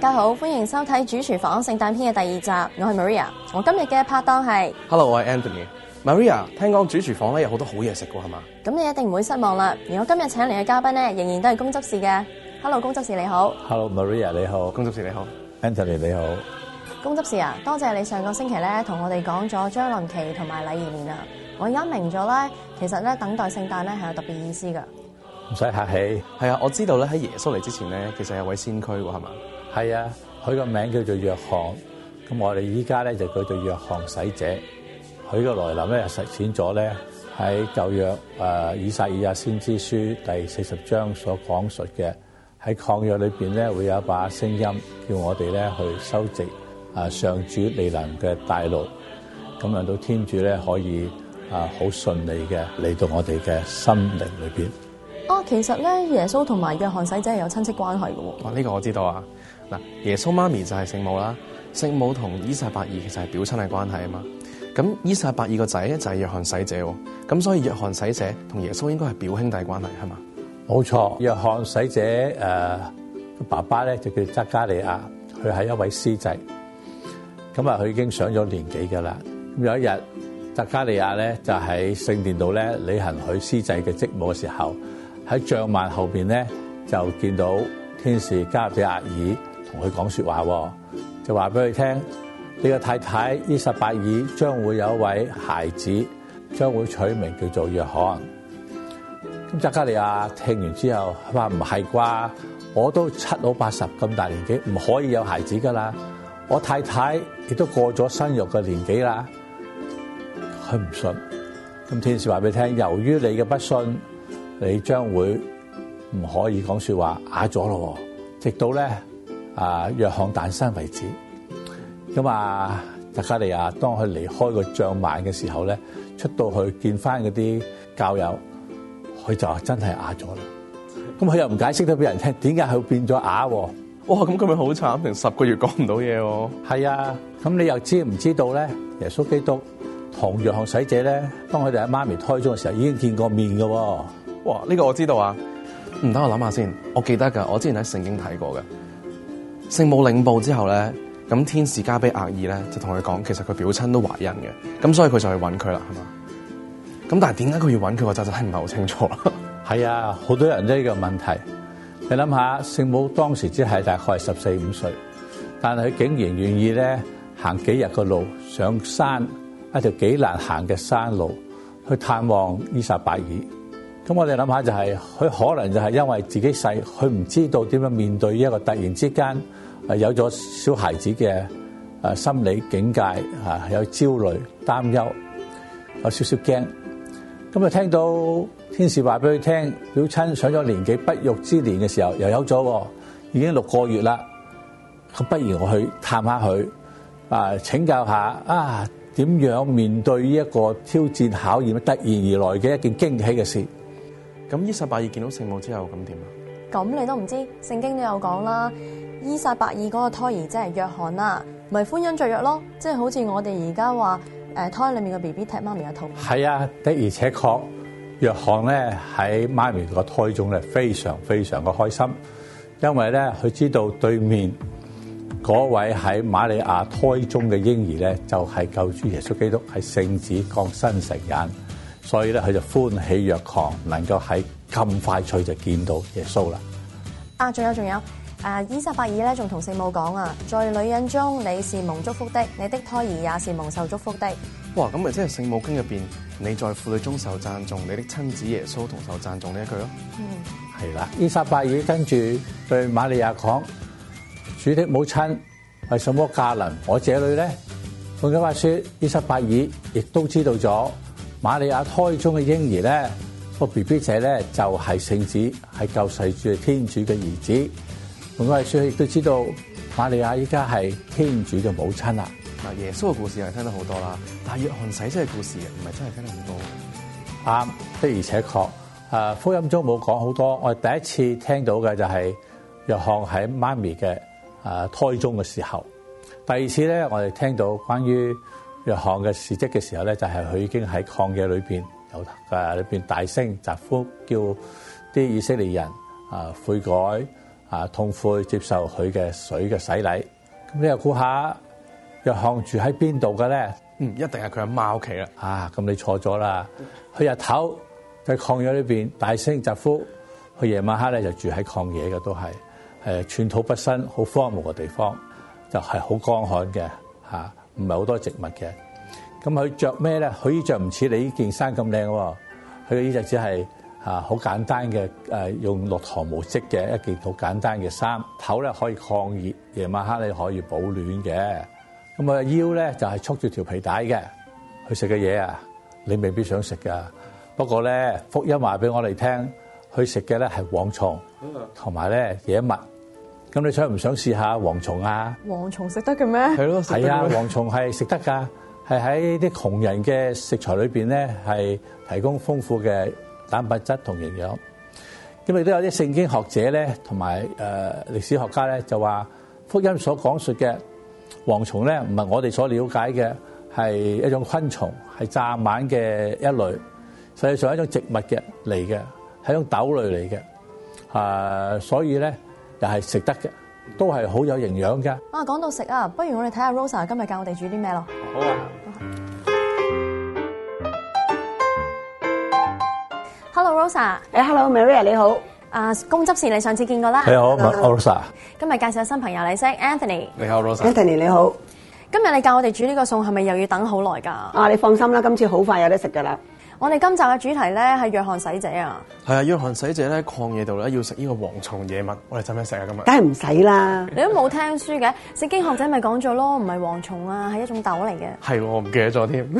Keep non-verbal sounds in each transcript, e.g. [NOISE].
大家好，歡迎收睇《主廚房聖誕篇》嘅第二集。我係 Maria，我今日嘅拍檔係。Hello，我係 Anthony。Maria，聽講主廚房咧有好多好嘢食噶係嘛？咁你一定唔會失望啦。而我今日請嚟嘅嘉賓咧，仍然都係公執事嘅。Hello，公執事你好。Hello，Maria 你好，公執事你好，Anthony 你好。公執事啊，多謝你上個星期咧同我哋講咗將臨期同埋禮儀年啊，我而家明咗啦，其實咧等待聖誕咧係有特別意思噶。唔使客氣，係啊！我知道咧喺耶穌嚟之前咧，其實有位先驅喎，係嘛？係啊，佢個名叫做約翰。咁我哋依家咧就叫做約翰洗者。佢嘅來臨咧又實踐咗咧喺舊約誒、呃、以撒以亞先知書第四十章所講述嘅喺曠野裏邊咧，會有一把聲音叫我哋咧去收集啊上主來臨嘅道路，咁令到天主咧可以啊好順利嘅嚟到我哋嘅心靈裏邊。哦，其實咧，耶穌同埋約翰洗者係有親戚關係嘅喎。呢、哦呢個我知道啊！嗱，耶穌媽咪就係聖母啦，聖母同伊撒伯爾其實係表親嘅關係啊嘛。咁伊撒伯爾個仔咧就係約翰洗者喎，咁所以約翰洗者同耶穌應該係表兄弟的關係係嘛？冇錯，約翰洗者誒，爸爸咧就叫匝加利亞，佢係一位司祭。咁啊，佢已經上咗年紀嘅啦。咁有一日，匝加利亞咧就喺聖殿度咧履行佢司祭嘅職務嘅時候，喺帳幔後邊咧，就見到天使加俾亞爾同佢講説話，就話俾佢聽：你個太太伊撒伯爾將會有一位孩子，將會取名叫做約翰。咁扎加利亞聽完之後，話唔係啩？我都七老八十咁大年紀，唔可以有孩子噶啦。我太太亦都過咗生育嘅年紀啦，佢唔信。咁天使話俾佢聽：由於你嘅不信。你將會唔可以講說話，啞咗咯，直到咧啊約翰誕生為止。咁啊，撒加利亞當佢離開個帳幔嘅時候咧，出到去見翻嗰啲教友，佢就真係啞咗啦。咁佢又唔解釋得俾人聽點解佢變咗啞喎？哇、哦！咁佢咪好慘，定十個月講唔到嘢哦。係啊，咁你又知唔知道咧？耶穌基督同約翰使者咧，當佢哋喺媽咪胎中嘅時候已經見過面嘅。哇，呢個我知道啊！唔，等我諗下先，我記得噶，我之前喺聖經睇過嘅。聖母領報之後咧，咁天使加俾厄爾咧就同佢講，其實佢表親都懷孕嘅，咁所以佢就去揾佢啦，係嘛？咁但係點解佢要揾佢，我仔，真係唔係好清楚。係啊，好多人呢個問題。你諗下，聖母當時只係大概十四五歲，但係佢竟然願意咧行幾日嘅路，上山一條幾難行嘅山路，去探望伊撒拜爾。咁我哋諗下就係、是、佢可能就係因為自己細，佢唔知道點樣面對呢一個突然之間啊有咗小孩子嘅心理境界啊有焦慮擔憂有少少驚。咁啊聽到天使話俾佢聽，表親上咗年紀不育之年嘅時候又有咗，已經六個月啦。咁不如我去探下佢啊，請教下啊，點樣面對呢一個挑戰考驗突然而來嘅一件驚喜嘅事。咁伊撒伯爾見到聖母之後，咁點啊？咁你都唔知，聖經都有講啦。伊撒伯爾嗰個胎兒即係約翰啦，咪歡欣雀躍咯，即係好似我哋而家話，誒胎裏面嘅 B B 踢媽咪嘅肚，係啊，的而且確，約翰咧喺媽咪個胎中咧非常非常嘅開心，因為咧佢知道對面嗰位喺瑪利亞胎中嘅嬰兒咧就係救主耶穌基督，係聖子降生成人。所以咧，佢就歡喜若狂，能夠喺咁快脆就見到耶穌啦。啊，仲有仲有，誒，伊撒伯爾咧，仲同聖母講啊，在女人中你是蒙祝福的，你的胎兒也是蒙受祝福的。哇，咁咪即係聖母經入邊，你在婦女中受讚頌，你的親子耶穌同受讚頌呢一句咯。嗯，係啦，伊撒伯爾跟住對瑪利亞講，主的母親係什麼駕臨？我這裡咧，換句話說，伊撒伯爾亦都知道咗。瑪利亞胎中嘅嬰兒咧，個 B B 仔咧就係聖子，係救世主、天主嘅兒子。我哋亦都知道瑪利亞依家係天主嘅母親啦。嗱，耶穌嘅故事我哋聽到好多啦，但係約翰使真係故事嘅，唔係真係聽得好多。啱，的而且確。誒，福音中冇講好多，我哋第一次聽到嘅就係約翰喺媽咪嘅誒胎中嘅時候。第二次咧，我哋聽到關於。約翰嘅事蹟嘅時候咧，就係、是、佢已經喺曠野裏邊，有誒裏邊大聲疾呼，叫啲以色列人啊悔改啊痛悔接受佢嘅水嘅洗禮。咁你又估下，約翰住喺邊度嘅咧？嗯，一定係佢阿媽屋企啦。啊，咁你錯咗啦。佢日頭喺曠野裏邊大聲疾呼，佢夜晚黑咧就住喺曠野嘅都係誒寸土不生，好荒蕪嘅地方，就係好乾旱嘅吓。啊唔係好多植物嘅，咁佢著咩咧？佢衣著唔似你呢件衫咁靚喎，佢嘅衣著只係啊好簡單嘅，誒用駱駝毛織嘅一件好簡單嘅衫。頭咧可以抗熱，夜晚黑你可以保暖嘅。咁啊腰咧就係束住條皮帶嘅。佢食嘅嘢啊，你未必想食噶。不過咧福音話俾我哋聽，佢食嘅咧係蝗蟲同埋咧野蜜。咁你想唔想試下蝗蟲啊？蝗蟲食得嘅咩？係咯，係啊，蝗蟲係食得㗎，係喺啲窮人嘅食材裏邊咧，係提供豐富嘅蛋白質同營養。咁亦都有啲聖經學者咧，同埋誒歷史學家咧，就話福音所講述嘅蝗蟲咧，唔係我哋所了解嘅，係一種昆蟲，係蚱蜢嘅一類，實際上係一種植物嘅嚟嘅，係一種豆類嚟嘅。誒，所以咧，又係食得嘅，都係好有營養嘅。啊，講到食啊，不如我哋睇下 Rosa 今日教我哋煮啲咩咯。好啊，好啊。Hello Rosa，Hello、hey, Maria 你好。啊，公執事你上次見過啦。你好，我 Rosa。今日介紹新朋友你識 Anthony。你好 Rosa，Anthony 你好。今日你教我哋煮呢個餸係咪又要等好耐㗎？啊，你放心啦，今次好快有得食㗎啦。我哋今集嘅主題咧係約翰洗者啊！係啊，約翰洗者咧，曠野度咧要食呢個蝗蟲嘢物，我哋使唔使食啊？今日梗係唔使啦！你都冇聽書嘅聖經學者咪講咗咯，唔係蝗蟲啊，係一種豆嚟嘅。係喎，我唔記得咗添。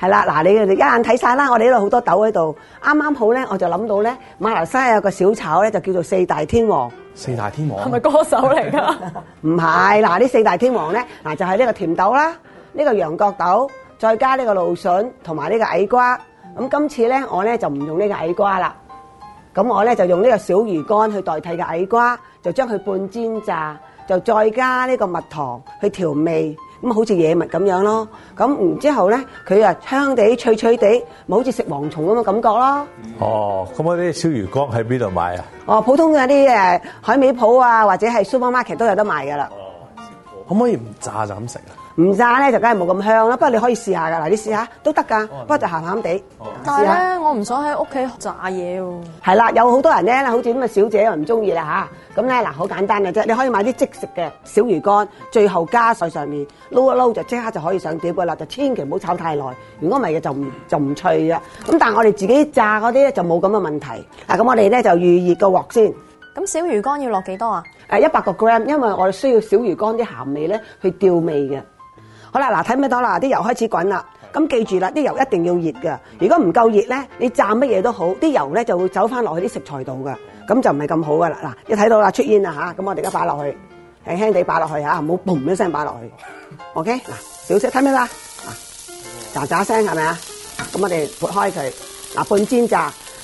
係啦，嗱你哋一眼睇晒啦，我哋呢度好多豆喺度。啱啱好咧，我就諗到咧，馬來西亞有個小炒咧，就叫做四大天王。四大天王係咪歌手嚟㗎？唔係，嗱呢四大天王咧，嗱就係呢個甜豆啦，呢個羊角豆，再加呢個蘆筍同埋呢個矮瓜。咁今次咧，我咧就唔用呢個矮瓜啦，咁我咧就用呢個小魚乾去代替嘅矮瓜，就將佢半煎炸，就再加呢個蜜糖去調味，咁好似野蜜咁樣咯。咁然之後咧，佢啊香地脆脆地，唔好似食蝗蟲咁嘅感覺咯。哦，咁嗰啲小魚乾喺邊度買啊？哦，普通嘅啲誒海味鋪啊，或者係 Supermarket 都有得賣嘅啦。可唔可以唔炸就咁食啊？唔炸咧就梗係冇咁香啦，不過你可以試下噶，嗱你試下都得噶，不過就鹹鹹地。但係咧，我唔想喺屋企炸嘢喎。係啦，有好多人咧，好似咁嘅小姐又唔中意啦嚇。咁咧嗱，好簡單嘅啫，你可以買啲即食嘅小魚乾，最後加水上面撈一撈就即刻就可以上碟噶啦。就千祈唔好炒太耐，如果唔係嘅就唔就唔脆啊。咁但係我哋自己炸嗰啲咧就冇咁嘅問題。係咁，我哋咧就預熱個鑊先。咁小魚乾要落幾多啊？誒，一百個 gram，因為我哋需要小魚乾啲鹹味咧去調味嘅。好啦，嗱，睇唔睇到啦？啲油開始滾啦。咁記住啦，啲油一定要熱噶。如果唔夠熱咧，你炸乜嘢都好，啲油咧就會走翻落去啲食材度噶，咁就唔係咁好噶啦。嗱，你睇到啦，出煙啦吓，咁我哋而家擺落去，輕輕地擺落去吓，唔好嘣一聲擺落去。OK，嗱，小食睇咩啦？喳喳聲係咪啊？咁我哋撥開佢，嗱，半煎炸。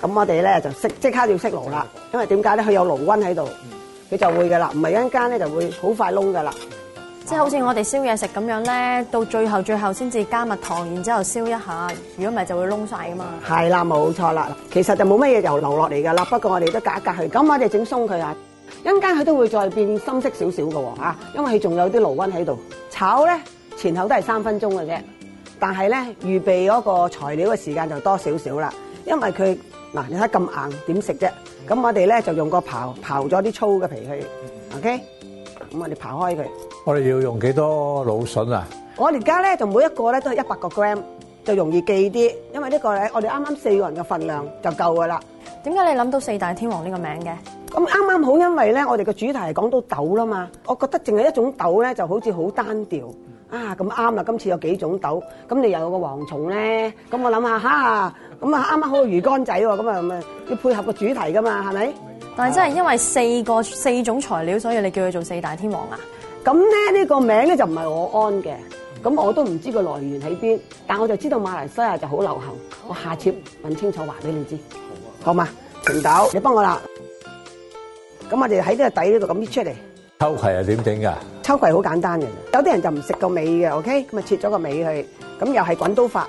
咁我哋咧就即刻要熄爐啦，因為點解咧？佢有爐溫喺度，佢、嗯、就會㗎啦。唔係一陣間咧就會好快燶噶啦。即係好似我哋燒嘢食咁樣咧，到最後最後先至加蜜糖，然之後燒一下，如果唔係就會燶晒噶嘛。係啦，冇錯啦。其實就冇乜嘢油流落嚟噶啦，不過我哋都隔一隔佢。咁我哋整鬆佢啊，一陣間佢都會再變深色少少噶喎，因為佢仲有啲爐溫喺度。炒咧前後都係三分鐘嘅啫，但係咧預備嗰個材料嘅時間就多少少啦，因為佢。嗱，你睇咁硬點食啫？咁我哋咧就用個刨刨咗啲粗嘅皮去，OK？咁我哋刨開佢。我哋要用幾多蘆筍啊？我而家咧就每一個咧都係一百個 gram，就容易記啲。因為呢個咧，我哋啱啱四個人嘅份量就夠噶啦。點解你諗到四大天王呢個名嘅？咁啱啱好，因為咧我哋嘅主題係講到豆啦嘛，我覺得淨係一種豆咧就好似好單調啊！咁啱啦，今次有幾種豆，咁你又有個蝗蟲咧，咁我諗下哈。咁啊，啱啱好個魚乾仔喎，咁啊咪要配合個主題噶嘛，係咪？但係真係因為四個四種材料，所以你叫佢做四大天王啊？咁咧呢個名咧就唔係我安嘅，咁我都唔知個來源喺邊，但我就知道馬來西亞就好流行，我下次問清楚話俾你知，好嘛？平豆，你幫我啦。咁我哋喺呢個底呢度咁搣出嚟。秋葵係點整噶？秋葵好簡單嘅，有啲人就唔食個尾嘅，OK？咁啊切咗個尾佢，咁又係滾刀法。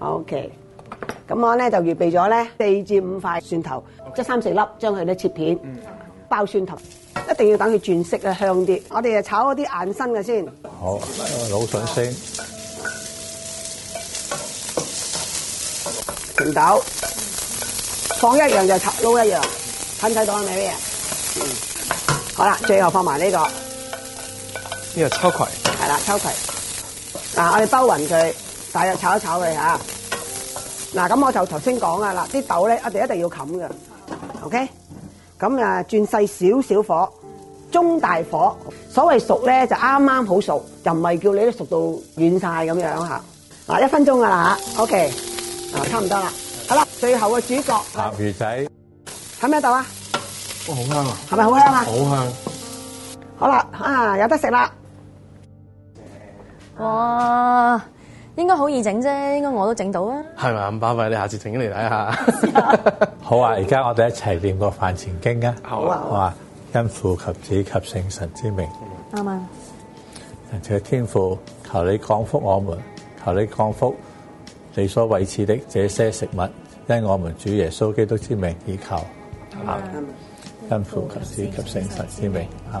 OK，咁我咧就預備咗咧四至五塊蒜頭，即三四粒，將佢咧切片，爆蒜頭，一定要等佢轉色啊，香啲。我哋就炒嗰啲硬身嘅先，好露筍先、甜豆，放一樣就炒撈一樣，睇唔睇到係咪咩？好啦，最後放埋呢個，呢個秋葵，係啦，秋葵。嗱，我哋收匀佢，大約炒一炒佢吓。嗱，咁我就頭先講啊啦，啲豆咧，我哋一定要冚㗎，OK？咁啊，轉細少少火，中大火。所謂熟咧，就啱啱好熟，就唔係叫你咧熟到軟晒咁樣吓。嗱，一分鐘啊啦，OK？嗱，差唔多啦。好啦，最後嘅主角，鴨魚仔，喺咩度啊？好香啊！係咪好香啊？好香。好啦，啊，有得食啦！哇，應該好易整啫，應該我都整到啊！係咪咁巴閉？你下次整嚟睇下。 [LAUGHS] 好啊，而家我哋一齊念個飯前經啊！好啊，哇、啊！因父及子及聖神之名，阿門、嗯。且天父，求你降福我們，求你降福你所維持的這些食物，因我們主耶穌基督之名以求阿、嗯嗯、因父及子及聖神之名，啱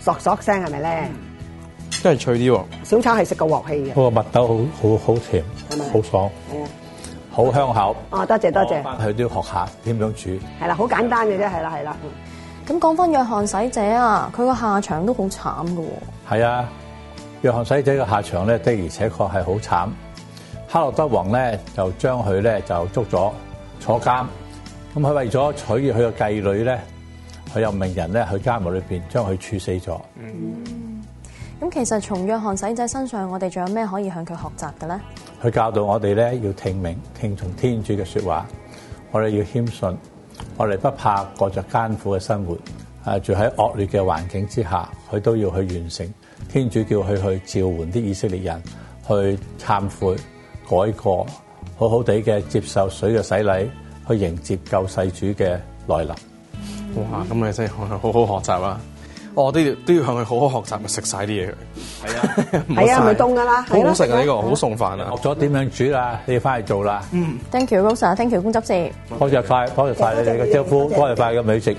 嗦嗦聲係咪咧？真係脆啲，小炒係食過鑊氣嘅。嗰個麥豆好好好甜，好爽，好的香口。哦，多謝多謝。返去都要學下點樣煮。係啦，好簡單嘅啫，係啦係啦。咁講翻約翰使者啊，佢個下場都好慘噶。係啊，約翰使者嘅下場咧，的而且確係好慘。哈洛德王咧就將佢咧就捉咗坐監，咁佢為咗取悅佢個繼女咧。佢又命人咧去監獄裏邊將佢處死咗。嗯，咁其實從若翰洗者身上，我哋仲有咩可以向佢學習嘅咧？佢教導我哋咧，要聽命、聽從天主嘅說話，我哋要謙遜，我哋不怕過着艱苦嘅生活，啊住喺惡劣嘅環境之下，佢都要去完成天主叫佢去召喚啲以色列人去懺悔、改過，好好哋嘅接受水嘅洗禮，去迎接救世主嘅來臨。哇！咁你真係好好學習啦！我都要都要向佢好好學習，咪食晒啲嘢。係啊，係啊，咪凍噶啦，好食啊呢個，好送飯啊！學咗點樣煮啦，你要翻去做啦。Thank you Rosa，Thank you 工作士，多謝快！多謝曬！你哋嘅招呼，多謝曬嘅美食。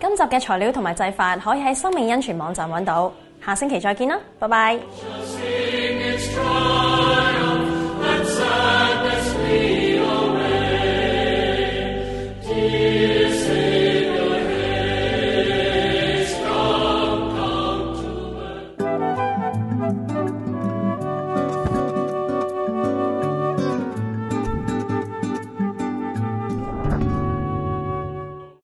今集嘅材料同埋製法可以喺生命恩泉網站揾到，下星期再見啦，拜拜。